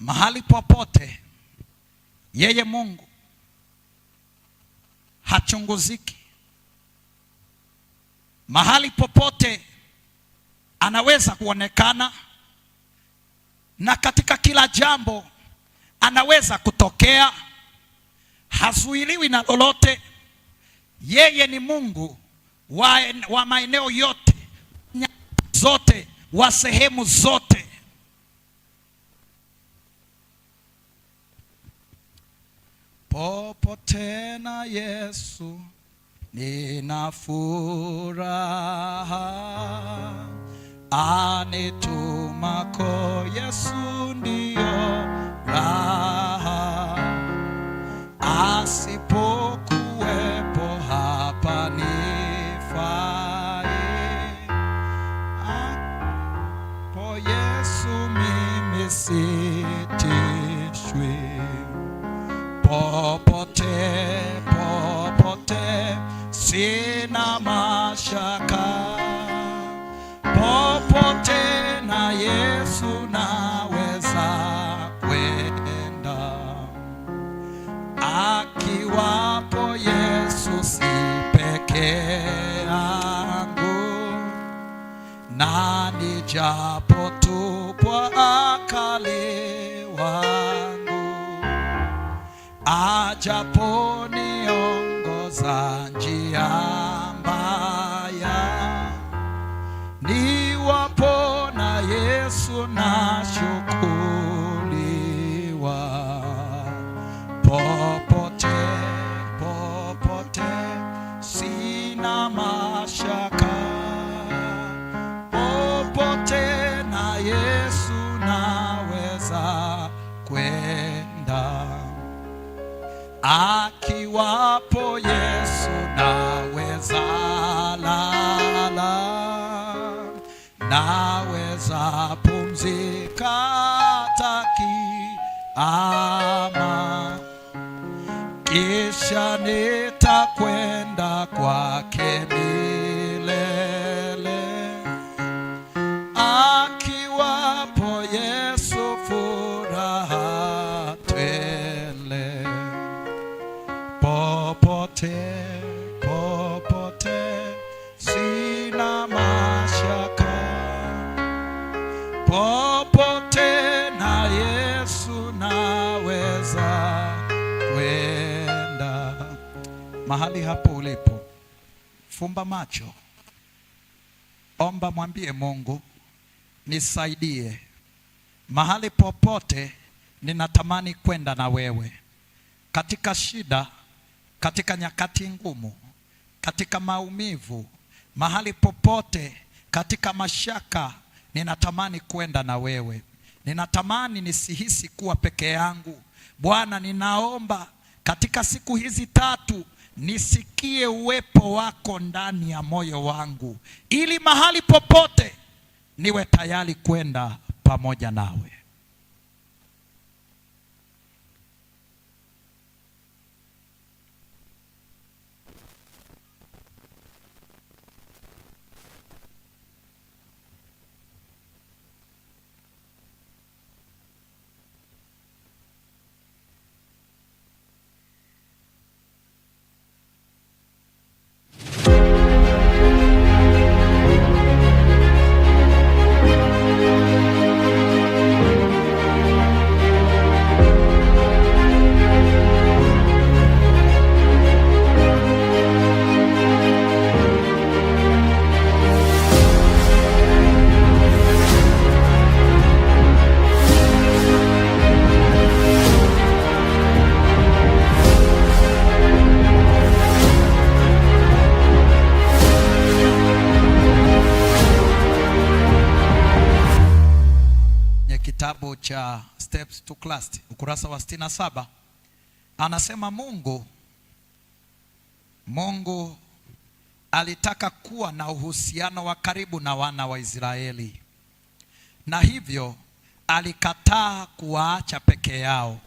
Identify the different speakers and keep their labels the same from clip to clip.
Speaker 1: Mahali popote yeye Mungu hachunguziki. Mahali popote anaweza kuonekana na katika kila jambo anaweza kutokea, hazuiliwi na lolote. Yeye ni Mungu wa, wa maeneo yote, nyakati zote, wa sehemu zote.
Speaker 2: popo tena Yesu, nina furaha. Anitumako Yesu ndiyo raha asi sina mashaka popote, na Yesu naweza kwenda, akiwapo Yesu si peke yangu, na nijapo tupwa akali wangu ajapo dia. naweza pumzika takiama, kisha nitakwenda kwake. popote na Yesu naweza kwenda.
Speaker 1: Mahali hapo ulipo, fumba macho, omba, mwambie Mungu nisaidie, mahali popote ninatamani kwenda na wewe, katika shida, katika nyakati ngumu, katika maumivu, mahali popote, katika mashaka ninatamani kwenda na wewe, ninatamani nisihisi kuwa peke yangu. Bwana, ninaomba katika siku hizi tatu nisikie uwepo wako ndani ya moyo wangu, ili mahali popote niwe tayari kwenda pamoja nawe. cha Steps to Class ukurasa wa 67 anasema Mungu Mungu alitaka kuwa na uhusiano wa karibu na wana wa Israeli, na hivyo alikataa kuwaacha peke yao.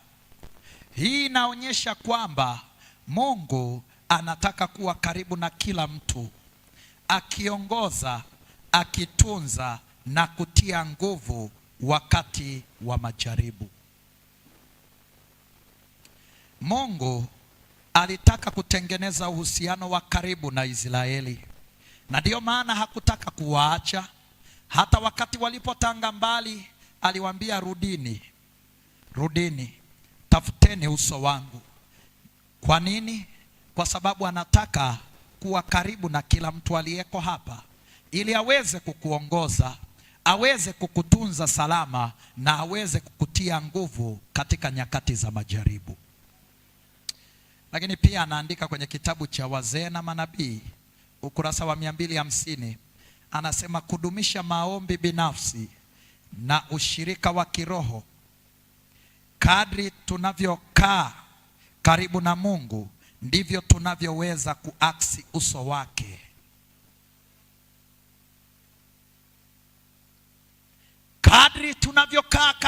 Speaker 1: Hii inaonyesha kwamba Mungu anataka kuwa karibu na kila mtu, akiongoza, akitunza na kutia nguvu wakati wa majaribu. Mungu alitaka kutengeneza uhusiano wa karibu na Israeli, na ndiyo maana hakutaka kuwaacha hata wakati walipotanga mbali. Aliwaambia, rudini, rudini, tafuteni uso wangu. Kwa nini? Kwa sababu anataka kuwa karibu na kila mtu aliyeko hapa, ili aweze kukuongoza aweze kukutunza salama na aweze kukutia nguvu katika nyakati za majaribu. Lakini pia anaandika kwenye kitabu cha Wazee na Manabii ukurasa wa hamsini anasema kudumisha maombi binafsi na ushirika wa kiroho kadri tunavyokaa karibu na Mungu ndivyo tunavyoweza kuaksi uso wake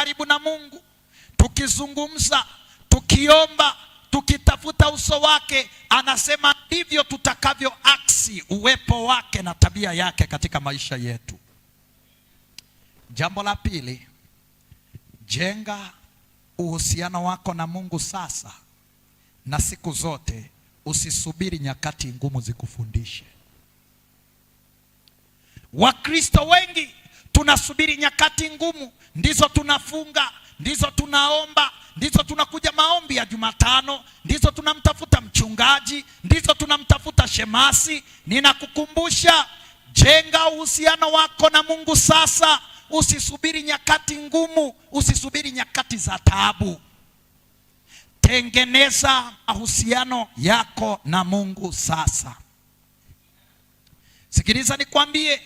Speaker 1: karibu na Mungu, tukizungumza, tukiomba, tukitafuta uso wake, anasema ndivyo tutakavyoaksi uwepo wake na tabia yake katika maisha yetu. Jambo la pili, jenga uhusiano wako na Mungu sasa na siku zote. Usisubiri nyakati ngumu zikufundishe. Wakristo wengi Tunasubiri nyakati ngumu, ndizo tunafunga, ndizo tunaomba, ndizo tunakuja maombi ya Jumatano, ndizo tunamtafuta mchungaji, ndizo tunamtafuta shemasi. Ninakukumbusha, jenga uhusiano wako na Mungu sasa. Usisubiri nyakati ngumu, usisubiri nyakati za taabu. Tengeneza mahusiano yako na Mungu sasa. Sikiliza nikwambie,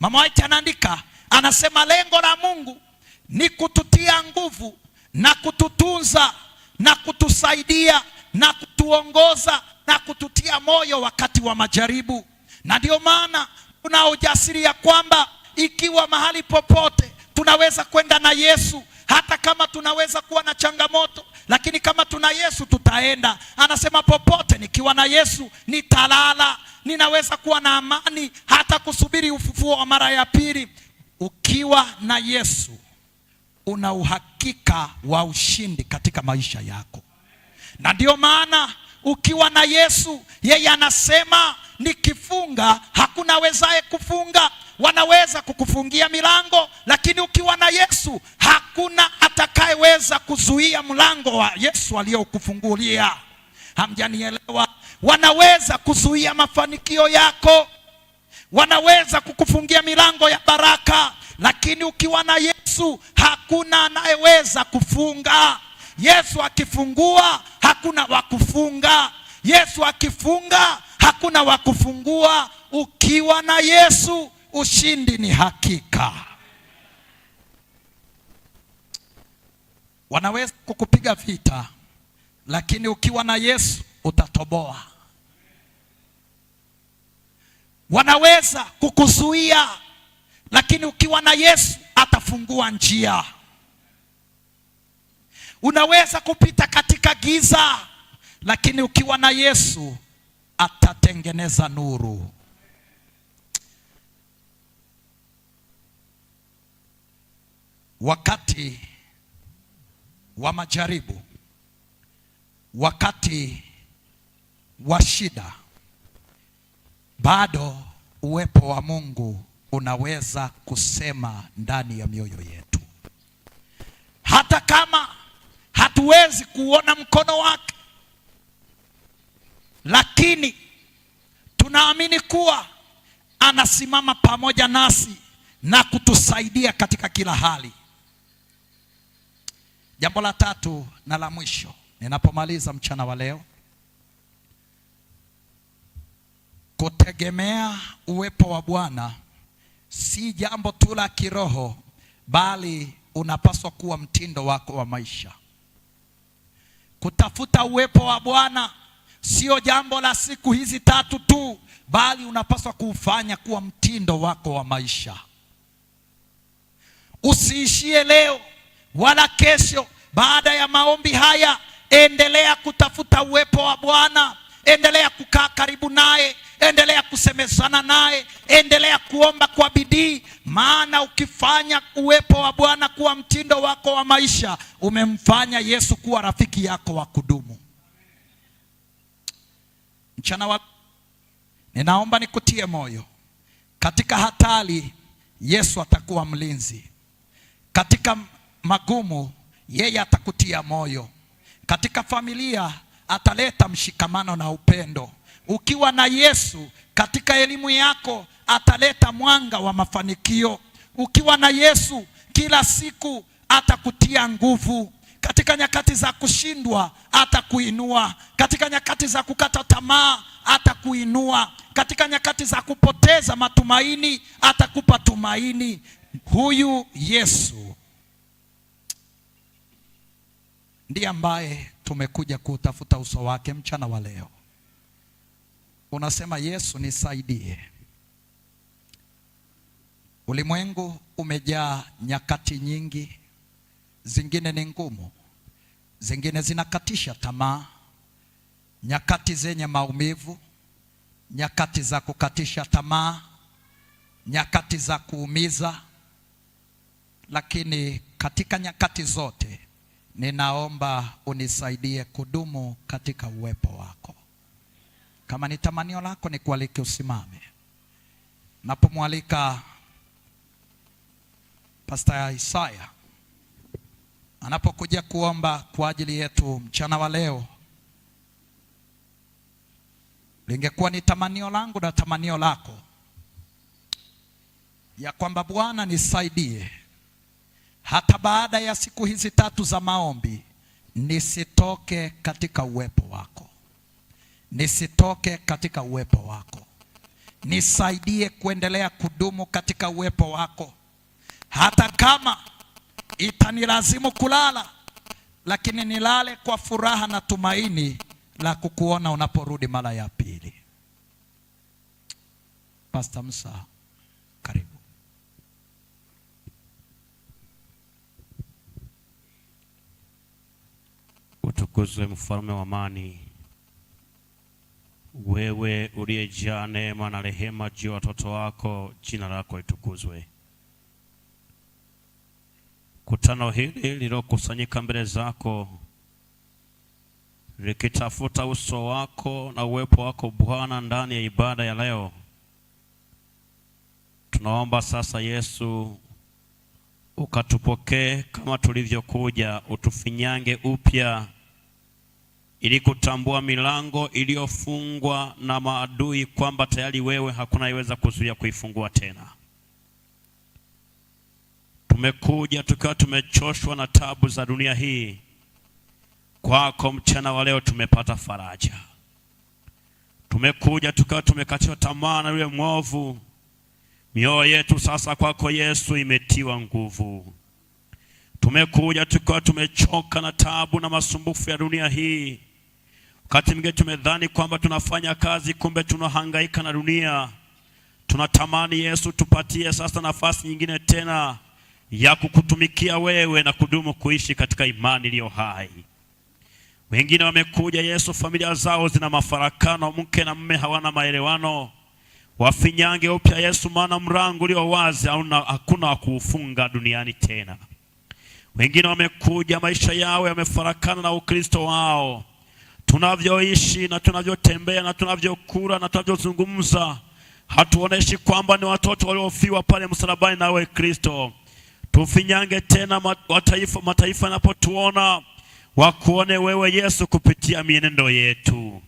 Speaker 1: Mama White anaandika anasema, lengo la Mungu ni kututia nguvu na kututunza na kutusaidia na kutuongoza na kututia moyo wakati wa majaribu, na ndio maana tuna ujasiri ya kwamba ikiwa mahali popote tunaweza kwenda na Yesu hata kama tunaweza kuwa na changamoto, lakini kama tuna Yesu tutaenda. Anasema popote nikiwa na Yesu nitalala, ninaweza kuwa na amani hata kusubiri ufufuo wa mara ya pili. Ukiwa na Yesu una uhakika wa ushindi katika maisha yako, na ndio maana ukiwa na Yesu, yeye anasema nikifunga hakuna wezaye kufunga wanaweza kukufungia milango, lakini ukiwa na Yesu hakuna atakayeweza kuzuia mlango wa Yesu aliyokufungulia. Hamjanielewa? Wanaweza kuzuia mafanikio yako, wanaweza kukufungia milango ya baraka, lakini ukiwa na Yesu hakuna anayeweza kufunga. Yesu akifungua hakuna wa kufunga. Yesu akifunga hakuna wa kufungua. Ukiwa na Yesu ushindi ni hakika. Wanaweza kukupiga vita, lakini ukiwa na Yesu utatoboa. Wanaweza kukuzuia, lakini ukiwa na Yesu atafungua njia. Unaweza kupita katika giza, lakini ukiwa na Yesu atatengeneza nuru. wakati wa majaribu, wakati wa shida, bado uwepo wa Mungu unaweza kusema ndani ya mioyo yetu, hata kama hatuwezi kuona mkono wake, lakini tunaamini kuwa anasimama pamoja nasi na kutusaidia katika kila hali. Jambo la tatu na la mwisho ninapomaliza mchana wa leo, kutegemea uwepo wa Bwana si jambo tu la kiroho, bali unapaswa kuwa mtindo wako wa maisha. Kutafuta uwepo wa Bwana sio jambo la siku hizi tatu tu, bali unapaswa kuufanya kuwa mtindo wako wa maisha. Usiishie leo wala kesho. Baada ya maombi haya, endelea kutafuta uwepo wa Bwana, endelea kukaa karibu naye, endelea kusemezana naye, endelea kuomba kwa bidii, maana ukifanya uwepo wa Bwana kuwa mtindo wako wa maisha, umemfanya Yesu kuwa rafiki yako wa kudumu. Mchana wa ninaomba nikutie moyo katika hatari, Yesu atakuwa mlinzi katika magumu, yeye atakutia moyo. Katika familia ataleta mshikamano na upendo. Ukiwa na Yesu katika elimu yako ataleta mwanga wa mafanikio. Ukiwa na Yesu kila siku atakutia nguvu. Katika nyakati za kushindwa atakuinua. Katika nyakati za kukata tamaa atakuinua. Katika nyakati za kupoteza matumaini atakupa tumaini. Huyu Yesu ndiye ambaye tumekuja kutafuta uso wake mchana wa leo. Unasema, Yesu nisaidie. Ulimwengu umejaa nyakati nyingi, zingine ni ngumu, zingine zinakatisha tamaa, nyakati zenye maumivu, nyakati za kukatisha tamaa, nyakati za kuumiza, lakini katika nyakati zote ninaomba unisaidie kudumu katika uwepo wako. Kama ni tamanio lako, ni kualike usimame. Napomwalika Pastor Isaya anapokuja kuomba kwa ajili yetu mchana wa leo, lingekuwa ni tamanio langu na tamanio lako ya kwamba Bwana nisaidie hata baada ya siku hizi tatu za maombi, nisitoke katika uwepo wako, nisitoke katika uwepo wako. Nisaidie kuendelea kudumu katika uwepo wako, hata kama itanilazimu kulala, lakini nilale kwa furaha na tumaini la kukuona unaporudi mara ya pili. Pastor Musa, karibu.
Speaker 3: Utukuzwe mfalme wa amani, wewe uliyejaa neema na rehema juu ya watoto wako, jina lako litukuzwe. Kutano hili lilokusanyika mbele zako likitafuta uso wako na uwepo wako Bwana, ndani ya ibada ya leo, tunaomba sasa Yesu ukatupokee kama tulivyokuja, utufinyange upya ili kutambua milango iliyofungwa na maadui kwamba tayari wewe hakuna iweza kuzuia kuifungua tena. Tumekuja tukiwa tumechoshwa na tabu za dunia hii, kwako mchana wa leo tumepata faraja. Tumekuja tukiwa tumekatiwa tamaa na yule mwovu, mioyo yetu sasa kwako Yesu imetiwa nguvu. Tumekuja tukiwa tumechoka na tabu na masumbufu ya dunia hii. Wakati mwingine tumedhani kwamba tunafanya kazi, kumbe tunahangaika na dunia. Tunatamani Yesu, tupatie sasa nafasi nyingine tena ya kukutumikia wewe na kudumu kuishi katika imani iliyo hai. Wengine wamekuja Yesu, familia zao zina mafarakano, mke na mme hawana maelewano. Wafinyange upya Yesu, maana mlango ulio wazi hakuna wa kuufunga duniani tena. Wengine wamekuja, maisha yao yamefarakana na Ukristo wao. Tunavyoishi na tunavyotembea na tunavyokula na tunavyozungumza, hatuoneshi kwamba ni watoto waliofiwa pale msalabani nawe Kristo. Tufinyange tena mataifa, mataifa yanapotuona wakuone wewe Yesu kupitia mienendo yetu.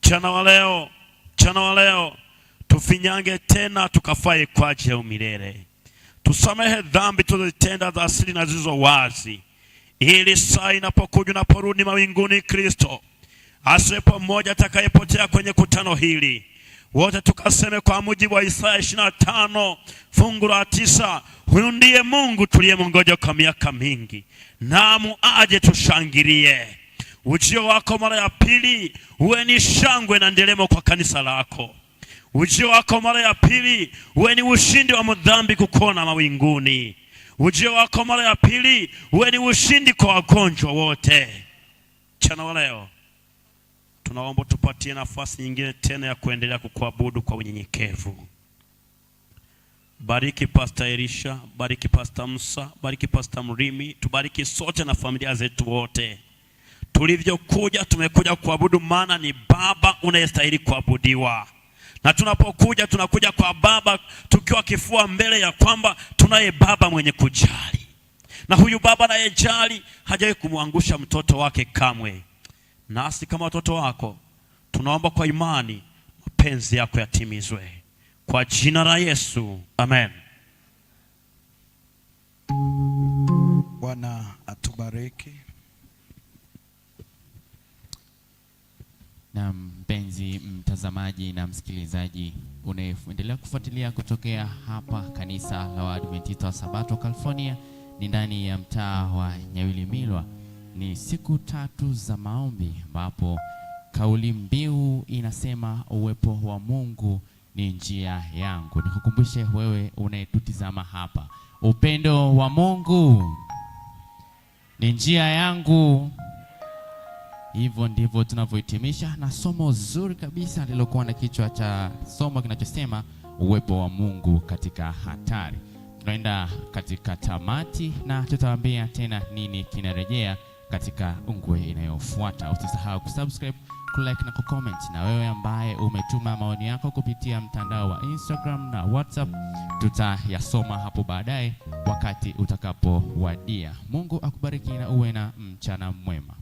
Speaker 3: Mchana wa leo, mchana wa leo tufinyange tena tukafae kwa ajili ya umilele tusamehe dhambi tulizotenda za asili na zilizo wazi, ili saa inapokuja unaporudi mawinguni Kristo, asiwepo mmoja atakayepotea kwenye kutano hili. Wote tukaseme kwa mujibu wa Isaya ishirini na tano fungu la tisa huyu ndiye Mungu tuliyemngoja kwa miaka mingi, namu aje tushangilie ujio wako mara ya pili. Uwe ni shangwe na nderemo kwa kanisa lako. Ujio wako mara ya pili uwe ni ushindi wa mdhambi kukona mawinguni. Ujio wako mara ya pili uwe ni ushindi kwa wagonjwa wote. Mchana wa leo tunaomba tupatie nafasi nyingine tena ya kuendelea kukuabudu kwa unyenyekevu. Bariki Pastor Elisha, bariki Pastor Musa, bariki Pastor Mrimi, tubariki sote na familia zetu wote. Tulivyokuja tumekuja kuabudu, maana ni Baba unayestahili kuabudiwa na tunapokuja tunakuja kwa Baba tukiwa kifua mbele ya kwamba tunaye Baba mwenye kujali, na huyu Baba anayejali hajawahi kumwangusha mtoto wake kamwe. Nasi kama watoto wako tunaomba kwa imani mapenzi yako yatimizwe kwa jina la Yesu, amen.
Speaker 4: Bwana atubariki.
Speaker 5: Naam mpenzi mtazamaji na msikilizaji unaendelea kufuatilia kutokea hapa kanisa la Waadventista wa Sabato California, ni ndani ya mtaa wa Milwa. Ni siku tatu za maombi, ambapo kauli mbiu inasema uwepo wa Mungu ni njia yangu. Nikukumbushe wewe unayetutizama hapa, upendo wa Mungu ni njia yangu. Hivyo ndivyo tunavyohitimisha na somo zuri kabisa lilokuwa na kichwa cha somo kinachosema uwepo wa Mungu katika hatari. Tunaenda katika tamati na tutawaambia tena nini kinarejea katika ungwe inayofuata. Usisahau kusubscribe, kulike na kucomment, na wewe ambaye umetuma maoni yako kupitia mtandao wa Instagram na WhatsApp tutayasoma hapo baadaye wakati utakapowadia. Mungu akubariki na uwe na mchana mwema.